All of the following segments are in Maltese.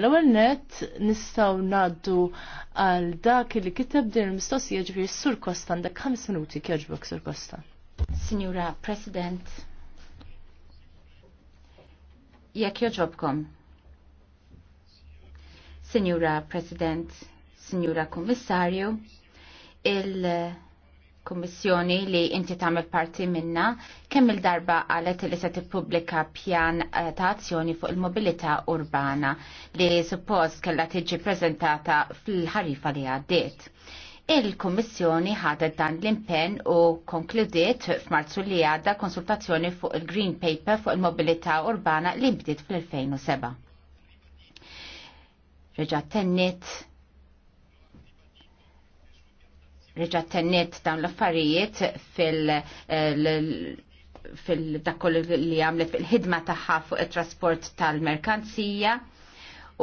L-ewwel nett nistgħu ngħaddu għal dak li kiteb din il mistoqs ġifieri Sur Kosta għandek ħames minuti kjerġbok Sur Kosta. Sinjura President, jekk joġobkom. Signora President, Sinjura Kummissarju, il- kummissjoni li inti tagħmel parti minna kemm il-darba qalet li se tippubblika pjan eh, ta' azzjoni fuq il-mobilità urbana li suppost kellha tiġi preżentata fil-ħarifa li għaddiet. Il-Kummissjoni ħadet dan l-impenn u konkludiet f'Marzu li għadda konsultazzjoni fuq il-Green Paper fuq il-mobilità urbana li bdiet fl-2007. Reġa' tennit Reġa tenniet dawn l-affarijiet fil- fil li għamlet fil-ħidma taħħa fuq il-trasport tal-merkanzija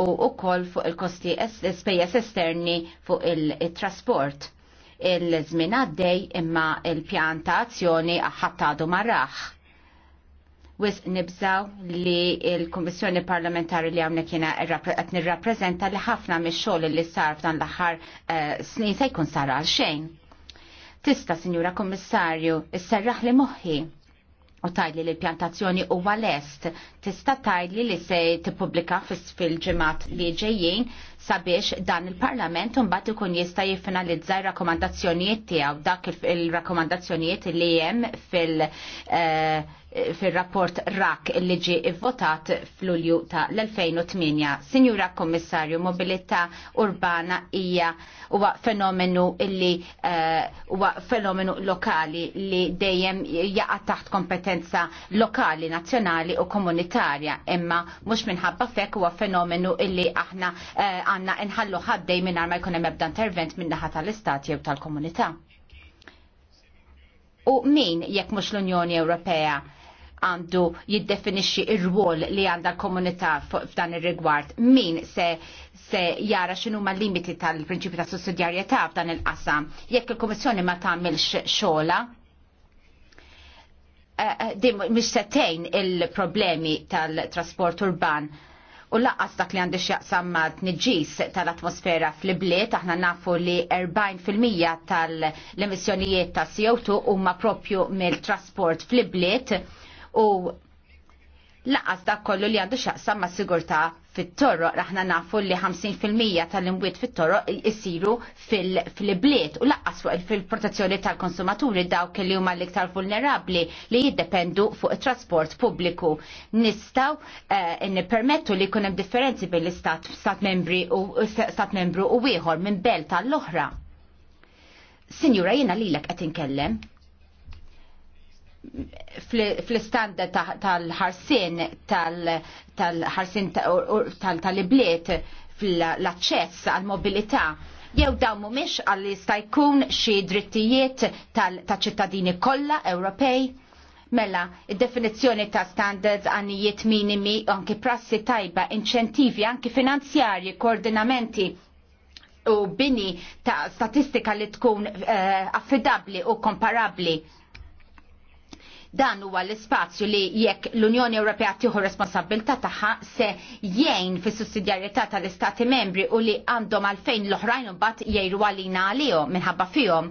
u ukoll fuq il-kosti spejjeż esterni fuq il-trasport. Il-żmien għaddej imma il-pjan ta' azzjoni ħattadu marraħ wis nibżaw li il-Kommissjoni Parlamentari li għamna kiena għet nirrapprezenta li ħafna mis xogħol li sar f'dan l-aħħar uh, snin se jkun sar għal xejn. Tista, Sinjura Kommissarju, s-serraħ li moħħi u tajli li l-pjantazzjoni u għal-est tista tajli li se tippubblika fil-ġemat li ġejjien sabiex dan il-parlament bat ikun jista jiffinalizza rakomandazzjonijiet tiegħu dak il-rakomandazzjonijiet li hemm fil- uh, fil-rapport RAK li ġi votat fl-Ulju ta' l-2008. Sinjura Kommissarju, mobilità urbana hija huwa fenomenu li eh, huwa uh, fenomenu lokali li dejjem jaqa' taħt kompetenza lokali, nazzjonali u komunitarja, imma mhux minħabba fek huwa fenomenu li aħna eh, għandna uh, inħallu ħaddej mingħajr ma jkun hemm ebda intervent min-naħa tal-istat jew tal-komunità. U min jekk mhux l-Unjoni Ewropea għandu jiddefinixxi ir-rwol li għandha l-komunità f'dan ir-rigward. Min se se jara x'inhu ma limiti tal-prinċipju ta' sussidjarjetà f'dan il-qasam. Jekk il-Kummissjoni ma tagħmilx xogħla, eh, eh, dim mhix setejn il-problemi tal-trasport urban U laqqas dak li għandix jaqsam ma t-nġis tal-atmosfera fl-bliet, aħna nafu li 40% tal-emissjonijiet ta' CO2 huma propju mill-trasport fl-bliet u laqas dak kollu li għandu xaqsam ma' sigurta fit-torro, raħna nafu li 50% tal-imwiet fit-torro jisiru fil-bliet u laqas fuq il-protezzjoni tal-konsumaturi dawk li huma l-iktar vulnerabli li jiddependu fuq it-trasport pubbliku. Nistaw eh, nippermettu li kunem differenzi bejn l-istat stat membri u stat membru u wieħor minn belt tal-oħra. Sinjura jiena lilek qed inkellem fl-istanda tal-ħarsin tal-ħarsin tal-ibliet fl-aċċess għal-mobilità jew dawn mhumiex għal jista' jkun xi drittijiet tal-ċittadini kollha Ewropej. Mela, id-definizzjoni ta' standards għannijiet minimi, anki prassi tajba, inċentivi, anki finanzjarji, koordinamenti u bini ta' statistika li tkun eh, affidabli u komparabli Dan huwa l-ispazju li jekk l-Unjoni Ewropea tieħu responsabilità tagħha se jgħin fis sussidjarjetà tal-Istati membri u li għandhom għalfejn l-oħrajn mbagħad jgħidu għalina għalihom minħabba fihom.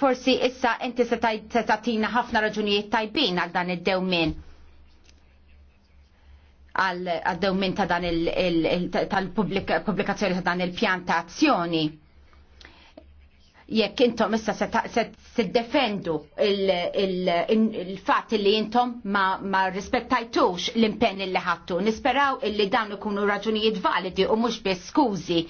Forsi issa inti se tagħtina ħafna raġunijiet tajbin għal dan id-dewmin għal dewmin ta' dan il-pubblikazzjoni ta' dan il-pjantazzjoni. Il, il, jekk intom issa se tiddefendu il-fatt li intom ma, ma rispettajtux l-impenn li ħattu. Nisperaw illi dan ikunu raġunijiet validi u mhux biss skużi.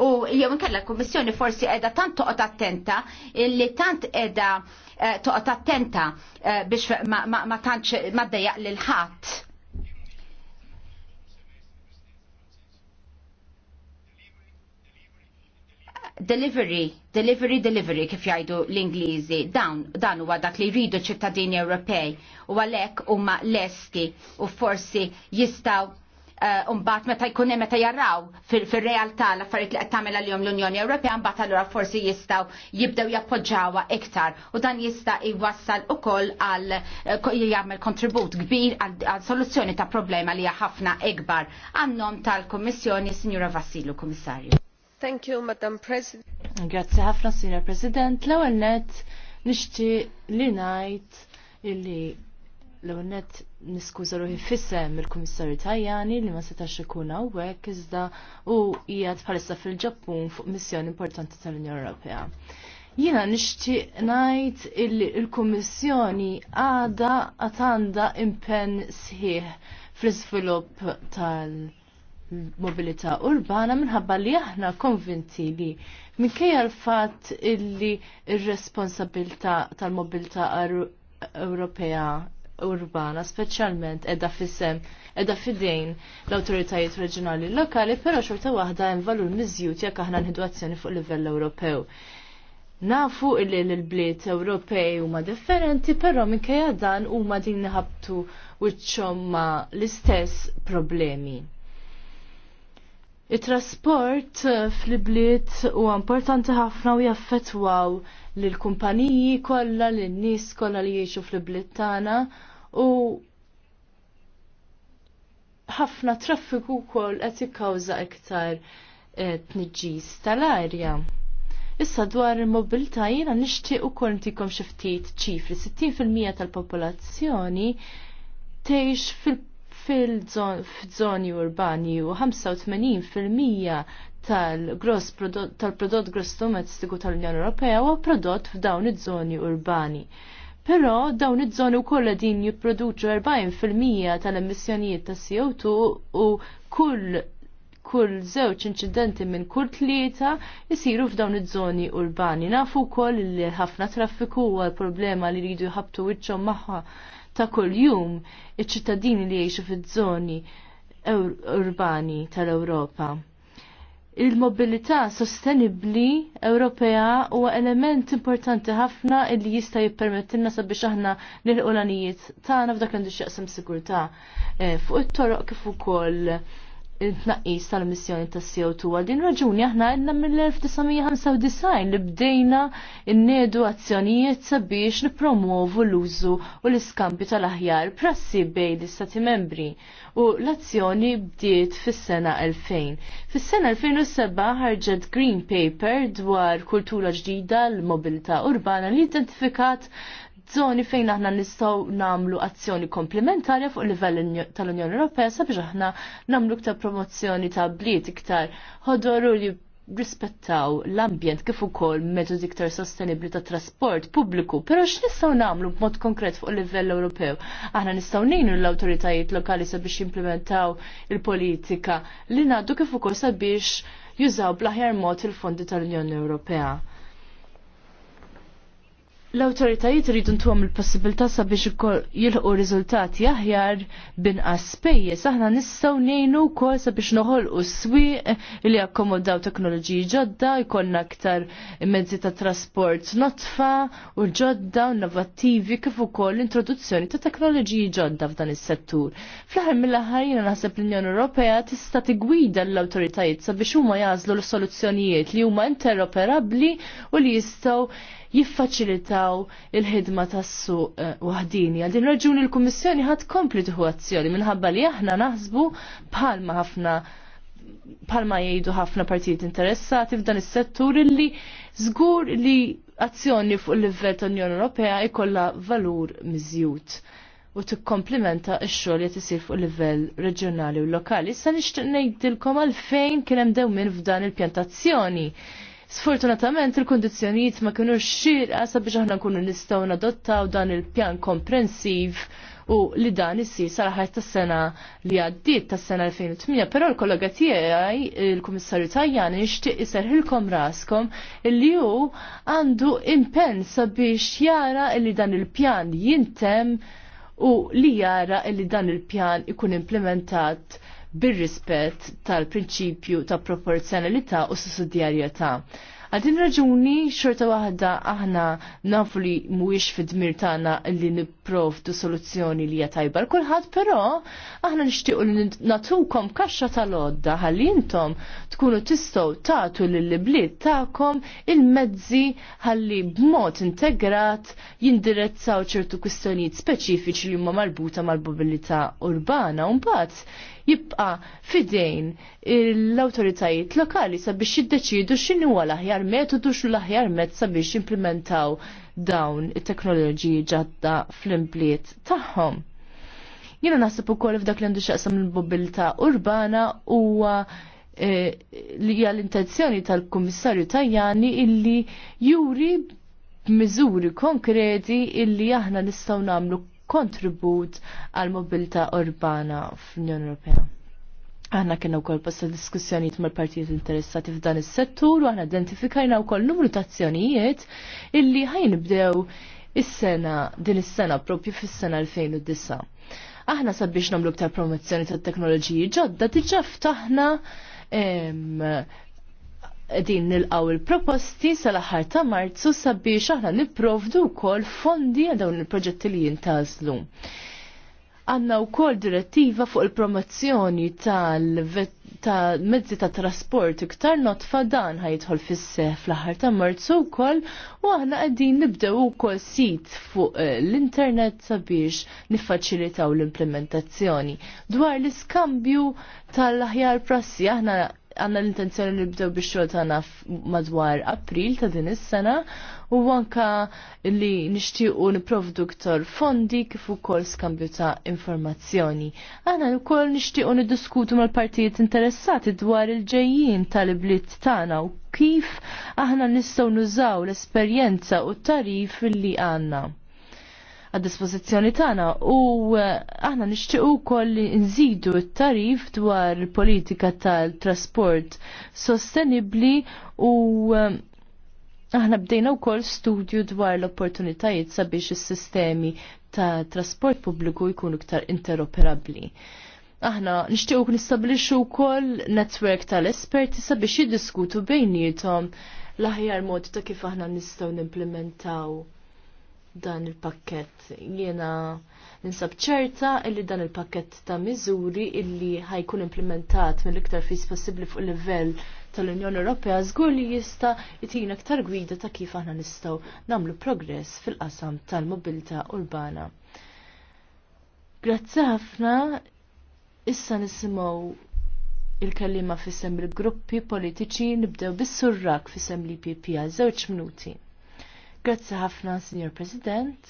U jew inkella l-Kummissjoni forsi qiegħda tant toqgħod attenta illi tant qiegħda eh, toqgħod attenta eh, biex ma tantx ma ddejjaq lil ħadd delivery, delivery, delivery kif jgħidu l-Ingliżi. dan, dan huwa dak li jridu ċittadini Ewropej u għalhekk huma lesti u forsi jistgħu uh, eh, mbagħad meta jkun hemm meta jarraw fir-realtà l-affarijiet li qed tagħmel għalihom l-Unjoni Ewropea mbagħad allura forsi jistgħu jibdew jappoġġawha iktar u dan jista' jwassal ukoll għal eh, jagħmel kontribut kbir għal soluzzjoni ta' problema li hija ħafna ikbar Għannom tal-Kummissjoni Sinjura Vassilu Kummissarju. Thank you, Madam President. Grazie ħafna, Signor President. L-ewwel net nixti li ngħid illi l-ewwel net niskuża ruħi fisem il-Kummissarju Tajjani li ma setax ikun hawnhekk iżda u hija bħalissa fil-Ġappun fuq missjoni importanti tal-Unjoni Ewropea. Jiena nixtieq ngħid illi l-Kummissjoni għadha għad għandha impenn sħiħ fl-iżvilupp tal- mobilità urbana minħabba li aħna konvinti li minkejja l-fatt illi il responsabilità tal-mobilità Ewropea urbana speċjalment edha fissem edha fidejn l-autoritajiet reġjonali lokali, però xorta waħda hemm valur miżjud jekk aħna nħidu azzjoni fuq livell Ewropew. Nafu illi l-bliet Ewropej huma differenti, però minkejja dan huma din ħabtu wiċċhom l-istess problemi. Il-trasport eh, fl-bliet u importanti ħafna u jaffetwaw l-kumpaniji kolla, l-nis kolla li jiexu fl-bliet tana u ħafna traffiku kol qed jikkawża iktar eh, tniġġis tal-arja. Issa dwar il-mobilità jiena nixtieq ukoll ntikom xi ftit ċifri 60% tal-popolazzjoni tgħix fil fil-żoni urbani u 85% tal-gross tal-prodott gross domestiku tal-Unjoni Ewropea huwa prodott f'dawn iż-żoni urbani. Però dawn iż-żoni wkoll din jipproduċu 40% tal-emissjonijiet ta' CO2 u kull kull żewġ inċidenti minn kull tlieta jisiru f'dawn iż-żoni urbani. Nafu wkoll li ħafna traffiku huwa l problema li jridu jħabtu wiċċhom magħha ta' kuljum iċ-ċittadini li jgħixu fiż-żoni urbani tal-Ewropa. Il-mobilità sostenibbli Ewropea huwa element importanti ħafna li jista' jippermettilna sabiex aħna nilqu l tagħna f'dak l-indixxaqsam sigurtà eh, fuq it-toroq kif ukoll il-tnaqqis tal-emissjoni ta' CO2. Għal din raġuni aħna għedna mill-1995 li bdejna n-nedu azzjonijiet sabiex nipromuovu l-użu u l iskampju tal-aħjar prassi bej l stati membri u l-azzjoni bdiet fis-sena 2000. Fis-sena 2007 ħarġet Green Paper dwar kultura ġdida l-mobilità urbana li identifikat zoni fejn aħna nistgħu nagħmlu azzjoni komplementarja fuq livell tal-Unjoni Ewropea sabiex aħna nagħmlu iktar promozzjoni ta' bliet iktar ħodoru li rispettaw l-ambjent kif ukoll metodi iktar sostenibbli ta' trasport pubbliku, però x'nistgħu nagħmlu b'mod konkret fuq livell Ewropew? Aħna nistgħu ngħinu l-awtoritajiet lokali sabiex jimplementaw il-politika li ngħaddu kif ukoll sabiex jużaw bl-aħjar mod il-fondi tal-Unjoni Ewropea l-autoritajiet rridu ntuhom il-possibilità sabiex jilħqu riżultati aħjar binqas spejjeż. Aħna nistgħu ngħinu wkoll sabiex noħolqu swieq li jakkomodaw teknoloġiji ġodda, jkollna aktar mezzi ta' trasport notfa u ġodda u innovattivi kif ukoll l introduzzjoni ta' teknoloġiji ġodda f'dan is-settur. Fl-aħħar mill-aħħar jiena naħseb l-Unjoni Ewropea tista' tigwida l-awtoritajiet sabiex huma jażlu l-soluzzjonijiet li huma interoperabbli u li jistgħu jiffaċilitaw il-ħidma tas-suq eh, waħdini. Għal din raġuni l-Kummissjoni ħad kompli tuħu azzjoni minħabba li aħna naħsbu bħalma ħafna palma jgħidu ħafna partijiet interessati f'dan is-settur illi żgur li azzjoni fuq il-livell tal-Unjoni Ewropea jkollha valur miżjud u tikkomplimenta x-xogħol li isir fuq livell reġjonali u lokali. Issa nixtieq ngħidilkom għalfejn kien hemm dewmin f'dan il-pjantazzjoni. il pjantazzjoni Sfortunatament il kondizjoniet ma kienux xirqa sabiex aħna nkunu nistgħu nadottaw dan il-pjan komprensiv u li dan issir sal ta' tas-sena li għaddiet tas-sena 2008, però l-kollega tiegħi il-Kummissarju Tajjani nixtieq iserħilkom raskom li hu għandu impen sabiex jara li dan il-pjan jintem u li jara li dan il-pjan ikun implementat bir-rispett tal-prinċipju ta' proporzjonalità u sussidjarjetà. Għal din raġuni xorta waħda aħna nafu li mhuwiex fid-dmir tagħna li nipprovdu soluzzjoni li hija tajba kulħadd, però aħna nixtiequ li natukom kaxxa tal-għodda ħalli intom tkunu tistgħu tagħtu lil bliet tagħkom il-mezzi ħalli b'mod integrat jindirezzaw ċertu kwistjonijiet speċifiċi li huma marbuta mal-mobilità urbana u mbagħad jibqa fidejn l-autoritajiet lokali sabiex jiddeċidu x'inhu huwa l-aħjar metodu x'u l-aħjar mezz sabiex jimplementaw dawn it-teknoloġiji ġadda fl-imbliet tagħhom. Jiena naħseb ukoll f'dak li għandu x'aqsam il-mobilità urbana huwa e, li hija l-intenzjoni tal-Kummissarju Tajjani illi juri miżuri konkreti illi aħna nistgħu nagħmlu kontribut għal mobilità urbana fl-Unjoni Ewropea. Aħna kienna wkoll bosta diskussjonijiet mal-partijiet interessati f'dan is-settur u aħna identifikajna wkoll numru ta' azzjonijiet illi ħajnibdew is-sena din is-sena propju fis-sena 2009. Aħna sabiex nagħmlu ta' promozzjoni tat teknoloġiji ġodda diġà ftaħna din nilqaw il-proposti sal-aħħar ta' marzu sabiex aħna nipprovdu wkoll fondi għal dawn il-proġetti li jintazlu. Għanna wkoll direttiva fuq il-promozzjoni tal-mezzi ta' trasport iktar notfa dan ħajtħol fis fl-aħħar ta' marzu wkoll u aħna qegħdin nibdew ukoll sit fuq eh, l-internet sabiex niffaċilitaw l-implementazzjoni. Dwar l-iskambju tal-aħjar prassi aħna għanna l-intenzjoni li nibdew biex xogħol tagħna madwar April ta' din is-sena u anka li nixtiequ niprovdu ktar fondi kif ukoll skambju ta' informazzjoni. Aħna wkoll nixtiequ niddiskutu mal-partijiet interessati dwar il-ġejjin tal-ibliet tagħna u kif aħna nistgħu nużaw l-esperjenza u t tarif li għandna għad-dispożizzjoni tagħna u eh, aħna nixtiequ wkoll nżidu t-tarif dwar il-politika tal-trasport sostenibbli u eh, aħna bdejna wkoll studju dwar l-opportunitajiet sabiex is-sistemi ta' trasport pubbliku jkunu ktar interoperabbli aħna nixtiequ nistabliċu wkoll netwerk tal-esperti sabiex jiddiskutu bejnietom l-aħjar mod ta' kif aħna nistgħu nimplementaw dan il-pakket. Jena ninsab ċerta illi dan il-pakket ta' miżuri illi ħajkun implementat mill-iktar fis possibbli fuq livell tal-Unjoni Ewropea żgur li jista' jtina aktar gwida ta' kif aħna nistgħu nagħmlu progress fil-qasam tal-mobilità urbana. Grazzi ħafna issa nisimgħu il-kellima fisem il-gruppi politiċi nibdew bis-surrak fisem l-IPP għal żewġ minuti. Grazzi ħafna, Signor President,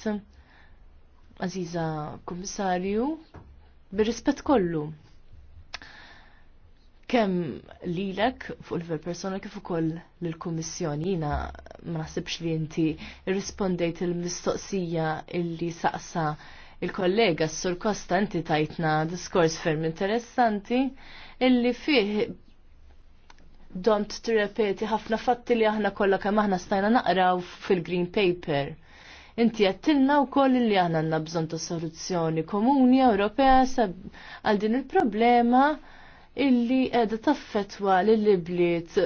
Aziza Kummissarju, bir-rispett kollu. Kemm lilek fuq il ver persona kif ukoll lill-Kummissjoni jina ma nasibx li inti rispondejt il-mistoqsija illi saqsa il-kollega Sur Kosta inti tajtna diskors ferm interessanti illi fih dont tirrepeti ħafna fatti li aħna kollha kemm aħna stajna naqraw fil-Green Paper. Inti għattilna u koll li aħna għanna bżon ta' soluzzjoni komuni Ewropea għal din il-problema illi qiegħda taffetwa li bliet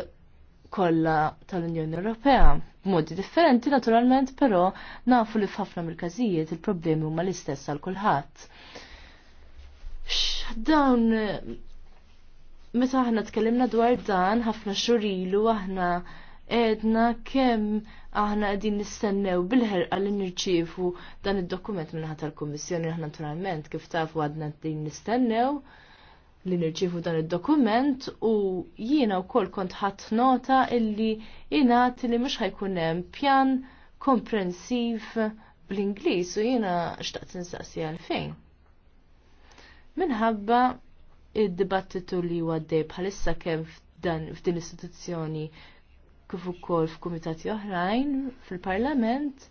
kollha tal-Unjoni Ewropea. Modi differenti naturalment, però nafu li f'ħafna mill-każijiet il-problemi huma l-istess għal kulħadd. Dawn Meta aħna tkellimna dwar dan ħafna xurilu aħna edna kemm aħna qegħdin nistennew bil-ħerqa li nirċievu dan id-dokument minn ħadd tal-Kummissjoni aħna naturalment kif tafu għadna qegħdin nistennew li nirċievu dan id-dokument u jiena wkoll kont ħadd nota illi jingħad li mhux ħajkun hemm pjan komprensiv bl-Ingliż u jiena xtaqt nistaqsi għalfejn. Minħabba id-dibattitu li għaddej bħalissa kemm f'dan f'din istituzzjoni kif ukoll f'kumitati oħrajn fil-Parlament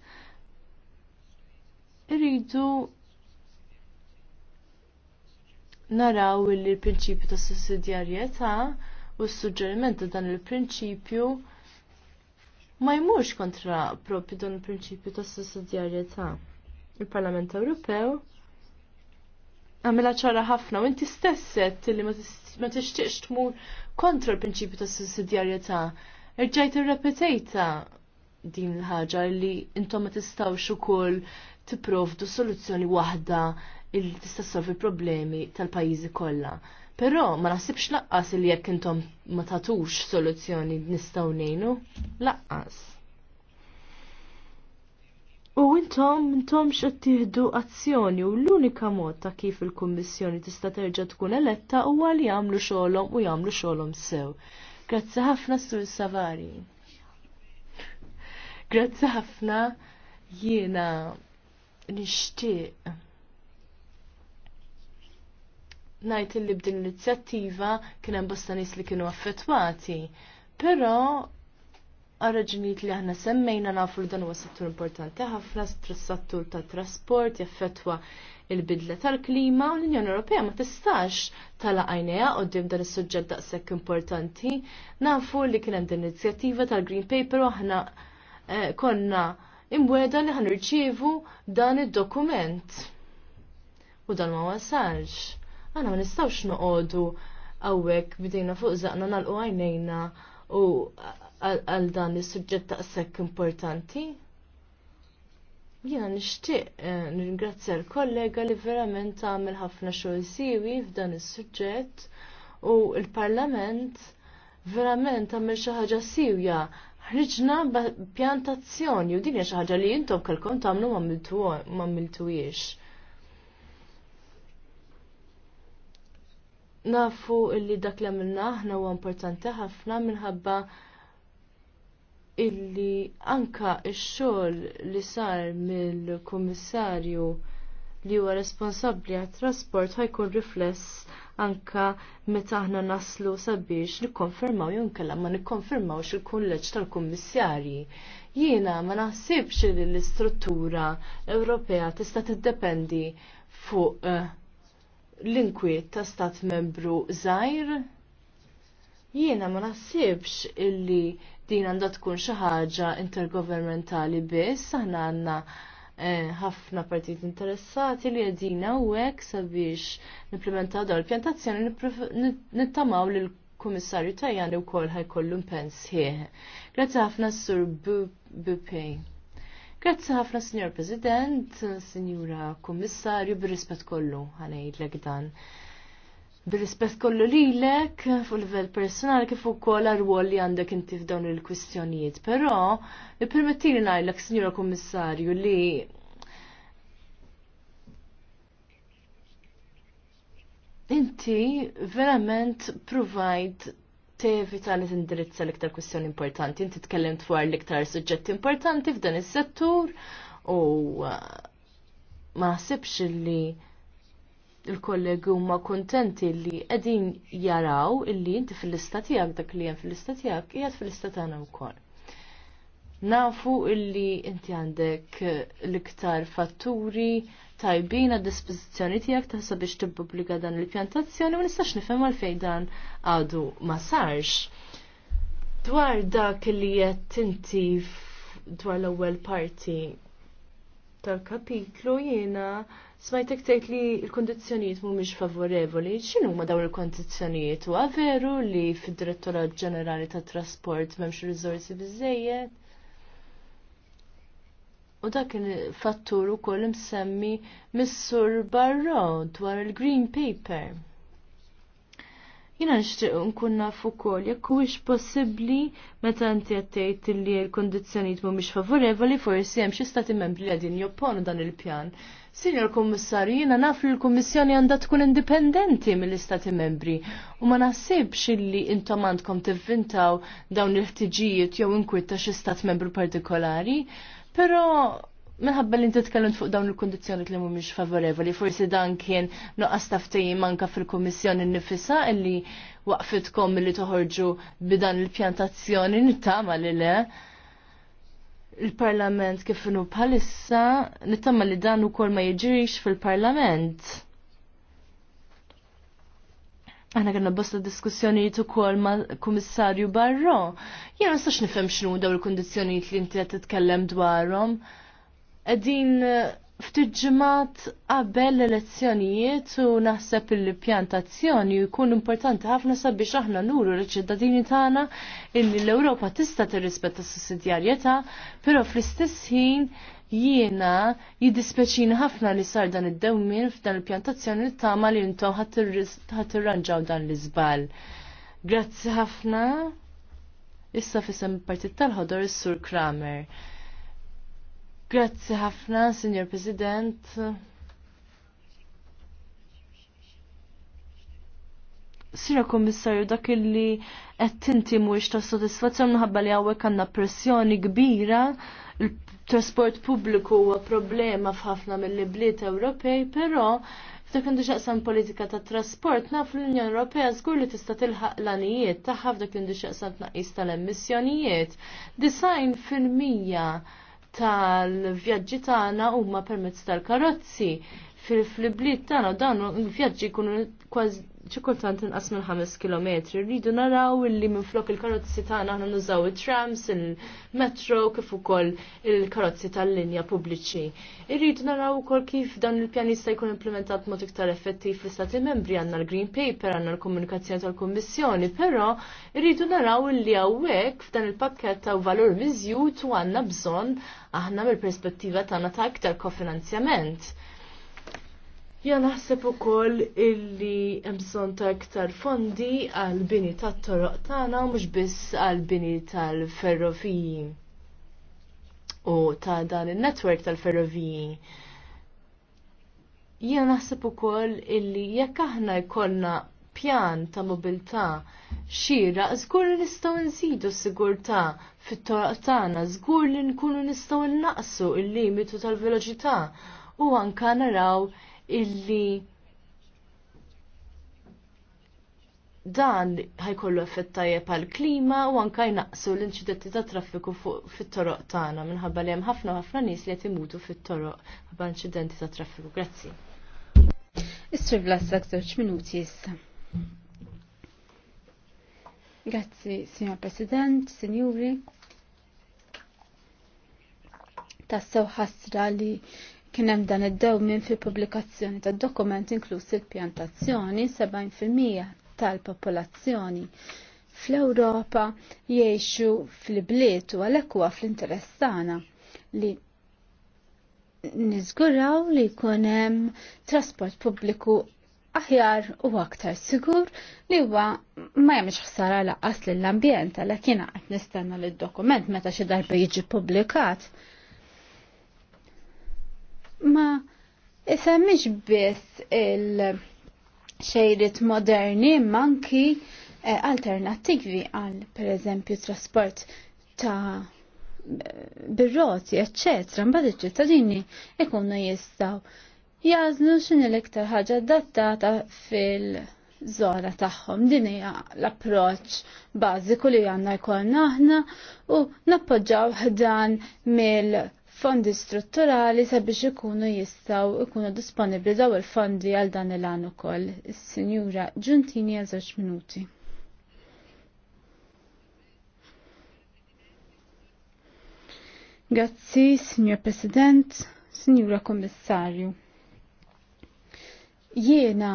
irridu naraw li l-prinċipju ta' sussidjarjetà u s-suġġeriment ta' dan il-prinċipju ma jmurx kontra propri dan il-prinċipju ta' sussidjarjetà. Il-Parlament Ewropew għamela ċara ħafna u inti stesset li ma t tmur kontra l-prinċipju ta' sussidjarjetà. Irġajt irrepetejta din l-ħaġa li intom ma tistgħux ukoll tipprovdu soluzzjoni waħda li tista' solvi problemi tal-pajjiżi kollha. Però ma naħsibx laqqas li jekk intom ma tatux soluzzjoni nistgħu ngħinu, laqqas. U intom, intom xattihdu azzjoni u l-unika mod ta' kif il-Kummissjoni tista' terġa' tkun eletta huwa li jagħmlu xogħolhom u jagħmlu xogħolhom sew. Grazzi ħafna Sur Savari. Grazzi ħafna jiena nixtieq ngħid illi b'din l-inizjattiva kien hemm bosta nies li kienu affettwati, però għarraġunijiet li aħna semmejna nafu li dan huwa settur importanti ħafna, sattur ta' trasport, jaffetwa il-bidla tal-klima u l-Unjoni Ewropea ma tistax tala għajnejha dim dan is-suġġett daqshekk importanti. Nafu li kien hemm din inizjattiva tal-Green Paper u aħna eh, konna imweda li ħanirċievu dan id-dokument. U dan ma wasalx. Għana ma nistawx noqogħdu għawek bidejna fuq zaqna nalqu għajnejna u għal dan is-suġġett taqsek importanti. Jena nixtieq eh, nirringrazzja l-kollega li verament għamel ħafna xogħol siwi f'dan is-suġġett u l-Parlament verament għamel xi ħaġa siwja ħriġna pjantazzjoni u din hija xi ħaġa li intom kalkom tagħmlu ma miltuwiex. Nafu illi dak li għamilna aħna huwa importanti ħafna minħabba illi anka x-xogħol li sar mill-kummissarju li huwa responsabbli għat-trasport ħajkun rifless anka meta aħna naslu sabiex nikkonfermaw jew inkella ma nikkonfermawx il-kulleġġ tal-kummissarji. Jiena ma naħsibx li l-istruttura Ewropea tista' tiddependi fuq eh, l-inkwiet ta' stat membru żgħir. Jiena ma naħsibx illi din għandha tkun xi ħaġa intergovernmentali biss, aħna għandna eh, ħafna partit interessati li għedina hawnhekk sabiex nipplementaw dawn il-pjantazzjoni nittamaw li kummissarju Tajani ħaj kollu ħajkollu mpensieħ. Grazzi ħafna sur Bupej. Grazzi ħafna, Signor President, Signora Kummissarju, bir rispett kollu għanajd dan bir-rispett kollu lilek fuq livell personali kif ukoll għar-rwol li għandek inti f'dawn il-kwistjonijiet. Però ippermettili ngħidlek, Sinjura Kummissarju, li inti verament provajt tevita li tindirizza l-iktar kwistjoni importanti. Inti tkellem dwar l-iktar suġġetti importanti f'dan is-settur u uh, ma naħsibx li il-kollegi huma kontenti li qegħdin jaraw illi inti fil-lista tiegħek dak li hemm fil-lista tiegħek qiegħed fil-lista tagħna wkoll. Nafu illi inti għandek l-iktar fatturi tajbin għad dispożizzjoni tiegħek taħseb biex tippubblika dan il-pjantazzjoni ma nistax nifhem għalfejn dan għadu ma sarx. Dwar dak li qed inti dwar l-ewwel parti tal-kapitlu jiena Smajtek tgħid li l mu mhumiex favorevoli, xinu ma dawn il kondizjoniet Huwa veru li fid-Direttorat Ġenerali tat-Trasport m'hemmx rizorsi biżejjed? U dak kien fattur ukoll imsemmi mis Missur Barro dwar il-Green Paper. Jina nxtieq nkun naf ukoll jekk huwiex possibbli meta inti qed tgħid li l-kondizzjonijiet mhumiex favorevoli forsi hemm xi stati membri li qegħdin jopponu dan il-pjan. Signor Kummissarju, jiena naf li l-Kummissjoni għandha tkun indipendenti mill-Istati membri u ma naħsibx li intom għandkom tivvintaw dawn il-ħtiġijiet jew inkwitta xi stat membru partikolari, però minħabba li inti fuq dawn il-kondizzjoni li mhumiex favorevoli, forsi dan kien noqas taftejjim manka fil-Kummissjoni nifisa illi waqfitkom li toħorġu bidan il-pjantazzjoni nittama li le il-parlament kif palissa, bħalissa nittama li dan ukoll ma jiġrix fil-parlament. Aħna kellna bosta diskussjonijiet ukoll ma' Kummissarju Barro. Jien ma nistax nifhem x'nu daw il-kundizzjonijiet li inti qed titkellem dwarhom. Din eh, ftit ġimgħat qabel l-elezzjonijiet u naħseb il-pjantazzjoni jkun importanti ħafna sabiex aħna nuru l-ċittadini tagħna illi l-Ewropa tista' tirrispetta s-sussidjarjetà, però fl-istess ħin jiena jiddispeċin ħafna li sar dan id-dewmir f'dan il-pjantazzjoni li tama li intom ħattirranġaw dan l-iżbal. Grazzi ħafna. Issa fisem partit tal-ħodor is-Sur Kramer. Grazzi ħafna, Signor President. Sira Kommissarju, dak illi qed tinti mhuwiex ta' sodisfazzjon minħabba li hawnhekk għandna pressjoni kbira, il-trasport pubbliku huwa problema f'ħafna mill-bliet Ewropej, però f'dak li xaqsam politika ta' trasport naf l-Unjoni Ewropea żgur li tista' tilħaq l-anijiet tagħha f'dak li xaqsam tnaqqis tal-emissjonijiet. Design fil-mija tal-vjaġġi tagħna huma permezz tal-karozzi. Fil-bliet tagħna dan il-vjaġġi jkunu kważi ċikultant inqas minn 5 km. Rridu naraw illi minn flok il-karozzi tagħna aħna nużaw it-trams, il-metro, kif ukoll il-karozzi tal-linja pubbliċi. Irridu naraw ukoll kif dan il-pjan jista' jkun implementat mod iktar effettiv fl istati membri għandna l-Green Paper, għandna l-komunikazzjoni tal-Kummissjoni, però irridu naraw illi hawnhekk f'dan il-pakkett ta' valur miżjud u għandna bżonn aħna mill-perspettiva tagħna ta' iktar kofinanzjament Ja naħseb ukoll illi hemm ta' iktar fondi għal bini tat-toroq tagħna mhux biss għal bini tal-ferroviji u ta' dan in-netwerk tal-ferroviji. Ja naħseb ukoll illi jekk aħna jkollna pjan ta' mobilità xira, żgur li nistgħu nżidu s-sigurtà fit-toroq Tana, żgur li nkunu nistgħu naqsu il-limitu tal-veloċità u anke naraw illi dan ħajkollu effett tajjeb għal klima u anka jnaqsu l inċidetti ta' traffiku fit-toroq tagħna minħabba li hemm ħafna ħafna nies li qed imutu fit-toroq ħabba inċidenti ta' traffiku. Grazzi. Is-sur żewġ minuti issa. Grazzi, Signor President, Sinjuri. Tassew ħasra li Kien hemm dan id-dew minn fi pubblikazzjoni tad dokument inkluż il-pjantazzjoni 70% tal-popolazzjoni fl-Ewropa jgħixu fil-bliet u għalhekk huwa fl-interess tagħna li niżguraw li jkun hemm trasport pubbliku aħjar u aktar sigur li huwa ma jemx ħsara laqas lill-ambjent għalhekk jiena nistenna lid dokument meta xi darba jiġi publikat ma mish biss il-xejrit moderni manki eh, alternativi għal per eżempju trasport ta' birroti, eccetera, mbagħad iċ-ċittadini ikunu jistgħu jażlu x'in l-iktar ħaġa adattata fil-żona tagħhom. Din hija l-approċċ bażiku li għandna jkollna aħna u nappoġġaw ħdan mill- fondi strutturali sabiex ikunu jistaw ikunu disponibli daw il-fondi għal dan il-għan ukoll. Is-Sinjura Ġuntini għal żewġ minuti. Grazzi, Signor President, Signora Kommissarju. Jiena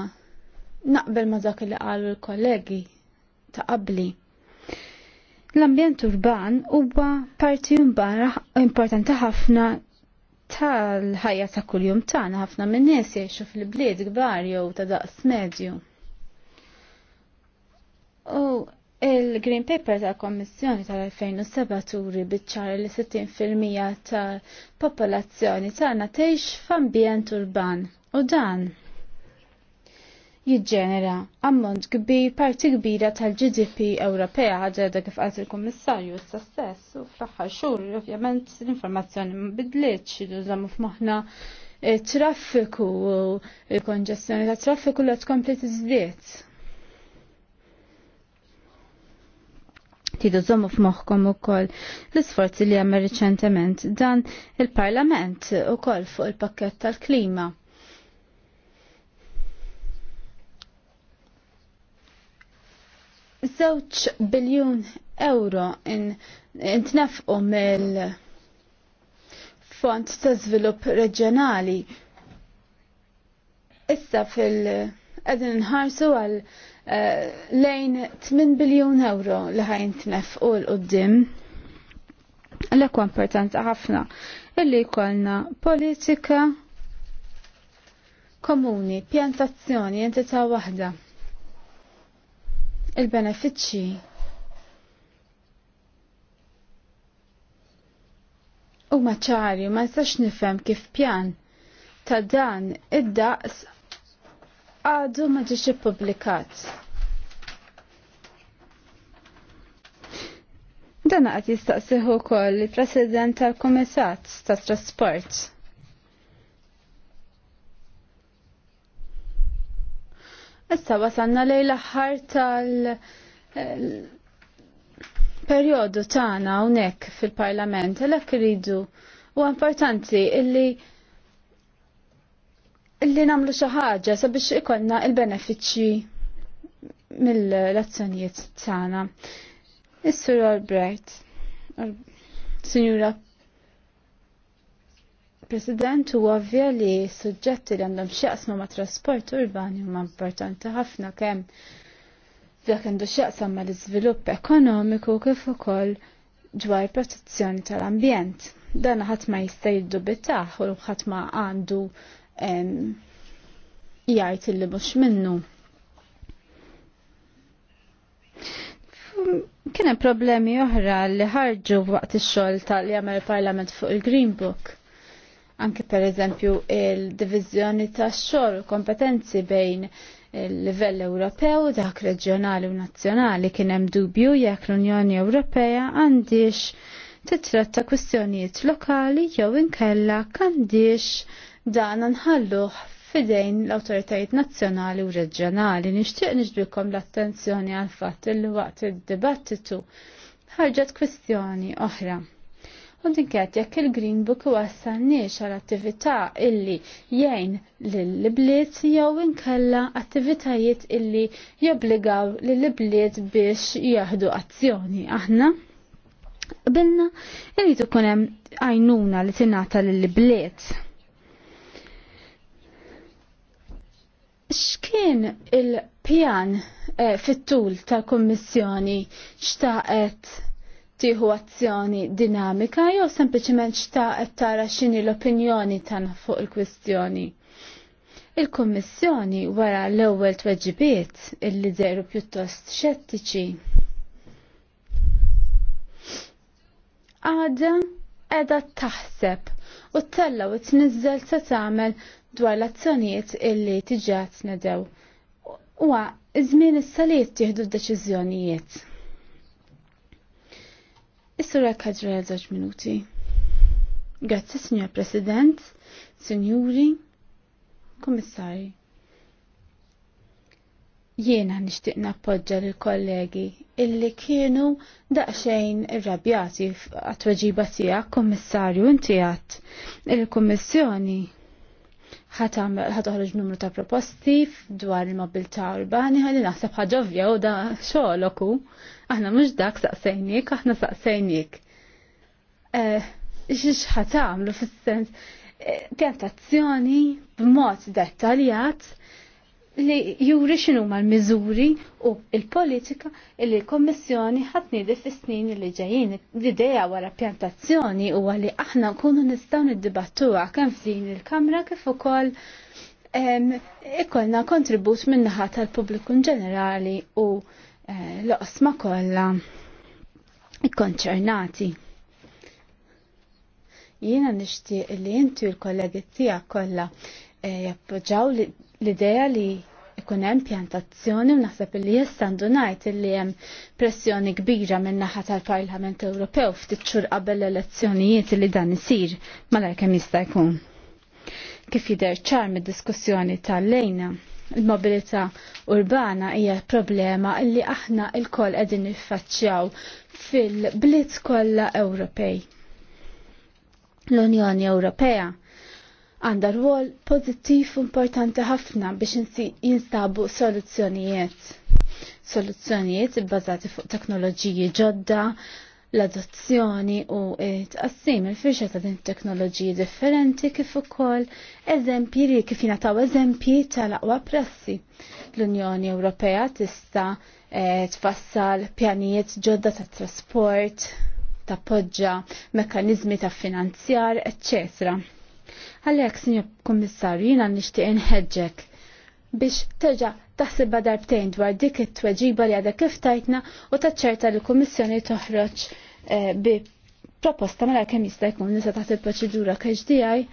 naqbel ma dak li qalu l-kollegi ta' qabli. L-ambjent urban huwa parti importanti ħafna tal-ħajja ta' kuljum tagħna ħafna minn nies jgħixu fil-bliet kbar jew ta' daqs medju. U il-Green Paper ta' Kommissjoni tal-2007 turi biċċar li 60% tal-popolazzjoni tagħna tgħix f'ambjent urban u dan jiġġenera ammont kbir parti kbira tal-GDP Ewropea ħaġa kif qalt il-Kummissarju issa stess u fl-aħħar xhur ovvjament l-informazzjoni ma bidlitx idu f'moħħna eh, traffiku u eh, l-konġestjoni ta' traffiku li tkompli tiżdiet. tidu zommu f'moħkom u koll l-sforzi li għamma reċentement dan il-parlament u koll fuq il-pakket tal-klima. Zewċ biljun euro intnefqu in mill fond ta' zvilupp reġjonali. Issa fil- għedin nħarsu għal uh, lejn 8 biljun euro li ħajn u l-qoddim. L-ekwa importanza ħafna illi kolna politika komuni, pjantazzjoni, entità wahda il-benefiċċji U maċari, ma nistax nifhem kif pjan ta' dan id-daqs għadu ma ġiex ippubblikat. Dan għad jistaqsiħu wkoll il-President tal-Kummissat tat Trasport. Issa wasanna lej l-aħħar tal eh, periodu tagħna hawnhekk fil-Parlament għalhekk iridu u importanti illi illi nagħmlu xi ħaġa sabiex ikollna il-benefiċċji mill-azzjonijiet tagħna. Is-Sur Albright, Signora President u għavja li suġġetti li għandhom xieqsma ma' trasport urbani huma importanti ħafna kemm dak għandu xieqsam ma' l-iżvilupp ekonomiku kif ukoll dwar protezzjoni tal-ambjent. Dan ħadd ma jista' jiddubitaħ u ħadd ma għandu jgħid illi mhux minnu. Kien hemm problemi oħra li ħarġu waqt ix-xogħol tal-jagħmel parlament fuq il-Green Book anke per eżempju il-divizjoni ta' xor kompetenzi bejn il-livell Ewropew dak reġjonali u nazzjonali kien hemm dubju jekk l-Unjoni Ewropea għandix titratta kwistjonijiet lokali jew inkella kandix dan nħalluh fidejn l-autoritajiet nazzjonali u reġjonali. Nixtieq niġbilkom l-attenzjoni għal fatt li waqt id-dibattitu ħarġet kwistjoni oħra u dinket jekk il-Green Book wassalniex għal attività illi jgħin l liblet jew inkella attivitajiet illi jobligaw l liblet biex jaħdu azzjoni aħna. Bilna illi ikun hemm għajnuna li tingħata l bliet X'kien il-pjan eh, fit-tul tal-Kommissjoni xtaqet tieħu azzjoni dinamika jew sempliċement xtaqet tara x'inhi l-opinjoni tagħna fuq il-kwistjoni. Il-Kummissjoni wara l-ewwel tweġibiet illi żeru pjuttost xettiċi. Għada edha taħseb u tella u tnizzel se tagħmel dwar l-azzjonijiet illi tiġat nedew. Huwa iż-żmien issa li d-deċiżjonijiet. Is-sura kħadra żewġ minuti. Grazzi, Signor President, Signuri, komissari. Jiena nixtieq nappoġġa l kollegi illi kienu daqsxejn irrabjati għat-tweġiba tiegħek, Kommissarju, inti il-Kummissjoni ħatħarġ numru ta' proposti dwar il mobilta urbani ħalli naħseb ħaġa u da xoħloku. Aħna mhux dak saqsejnik, aħna saqsejnik. Eh, Xiex ħatamlu fis-sens eh, pjantazzjoni b'mod dettaljat li juri xinu ma l-mizuri u il-politika li l-Kommissjoni ħatni di fis-snin li ġejjin. L-ideja wara pjantazzjoni u li aħna nkunu nistgħu niddibattuha kemm f'din il-Kamra kif ukoll ikollna kontribut min-naħa tal-pubbliku ġenerali u eh, l-qosma kollha ikkonċernati. Jiena nixtieq li inti l-kollegi tiegħek kollha eh, jappoġġaw l-idea li ikun hemm pjantazzjoni u naħseb li jistandu ngħid li hemm pressjoni kbira minn naħa tal-Parlament Ewropew ftit xhur qabel l-elezzjonijiet li dan isir malajr kemm jista' jkun. Kif jidher ċar mid-diskussjoni tal-lejna, il-mobilità urbana hija problema li aħna l-koll qegħdin niffaċċjaw fil-bliet kollha Ewropej. L-Unjoni Ewropea għandha rwol pożittiv importanti ħafna biex jinstabu soluzzjonijiet. Soluzzjonijiet bbażati fuq teknoloġiji ġodda, l-adozzjoni u t-qassim il-firxa ta' din teknoloġiji differenti kif ukoll eżempji li kif jingħataw eżempji tal-aqwa prassi. L-Unjoni Ewropea tista' e, tfassal pjanijiet ġodda ta' trasport, ta' poġġa, mekkaniżmi ta' finanzjar, eccetera Għalhekk, Sinjor Kummissarju, jiena nixtieq inħeġġek biex terġa' taħsibha darbtejn dwar dik it-tweġiba li għadha kif tajtna u taċċerta li l-Kummissjoni toħroġ eh, bi proposta mela kemm jista' jkun nisa taħt il-proċedura KHDI eh,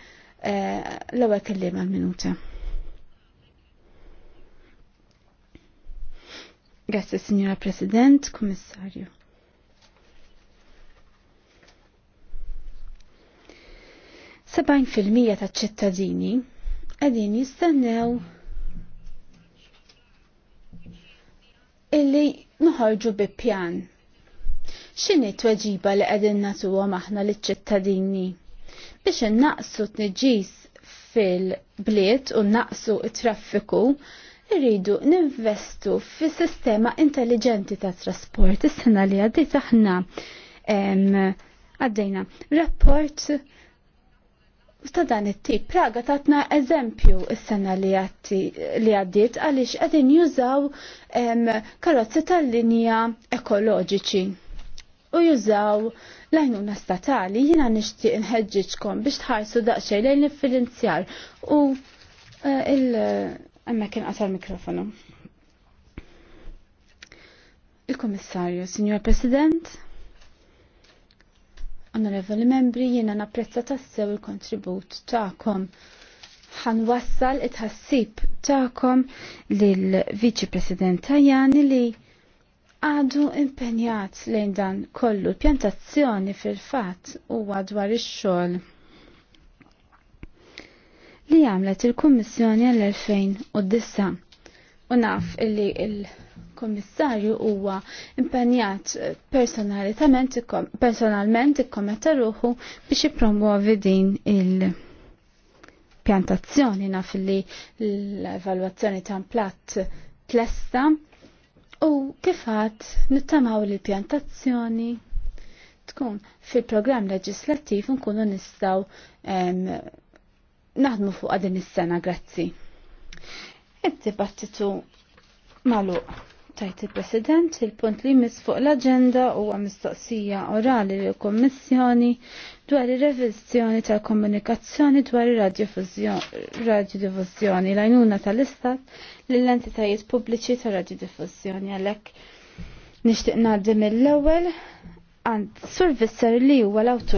l-ewwel kelliem għal-minuta. Grazie signora President, Commissario. 70% ta' ċittadini għedin jistennew illi nħarġu bi pjan. X'inhi tweġiba li qegħdin nagħtuha aħna liċ-ċittadini biex innaqsu tniġis fil-bliet u naqsu t-traffiku irridu ninvestu fi sistema intelligenti ta' trasport. Is-sena li għaddi aħna għaddejna rapport Sta dan it-tip Praga tatna eżempju s-sena li għaddiet għaliex qegħdin jużaw karozzi tal-linja ekoloġiċi u jużaw l-għajnuna statali jiena nixtieq nħedġiċkom biex tħarsu daqsxejn lejn il-finanzjar u eh, il- Emma kien għasar mikrofonu. Il-Komissarju, Signor President, Onorevoli membri, jiena napprezza tassew il-kontribut ta'kom. Ħan wassal it-ħassib ta'kom lil-Viċi President Tajani li għadu impenjat lejn dan kollu pjantazzjoni fil-fat u dwar ix-xogħol li għamlet il-Kummissjoni l-2009 u naf illi il- kommissarju huwa impenjat personalment ikkometta ruħu biex jipromuovi din il- pjantazzjoni naf li l-evalwazzjoni ta' platt tlesta u kifat nittamaw li pjantazzjoni tkun fil-programm leġislattiv nkunu nistaw naħdmu fuq din is-sena grazzi. Id-dibattitu maluq. Tajt il-President, il-punt li mis fuq l-agenda huwa mistoqsija orali l kommissjoni dwar ir revizjoni tal-komunikazzjoni dwar ir-radiodiffużjoni l-għajnuna tal-Istat lill-entitajiet pubbliċi tal-radiodiffużjoni għalhekk nixtieq ngħaddi mill-ewwel għand Sur Visser li huwa l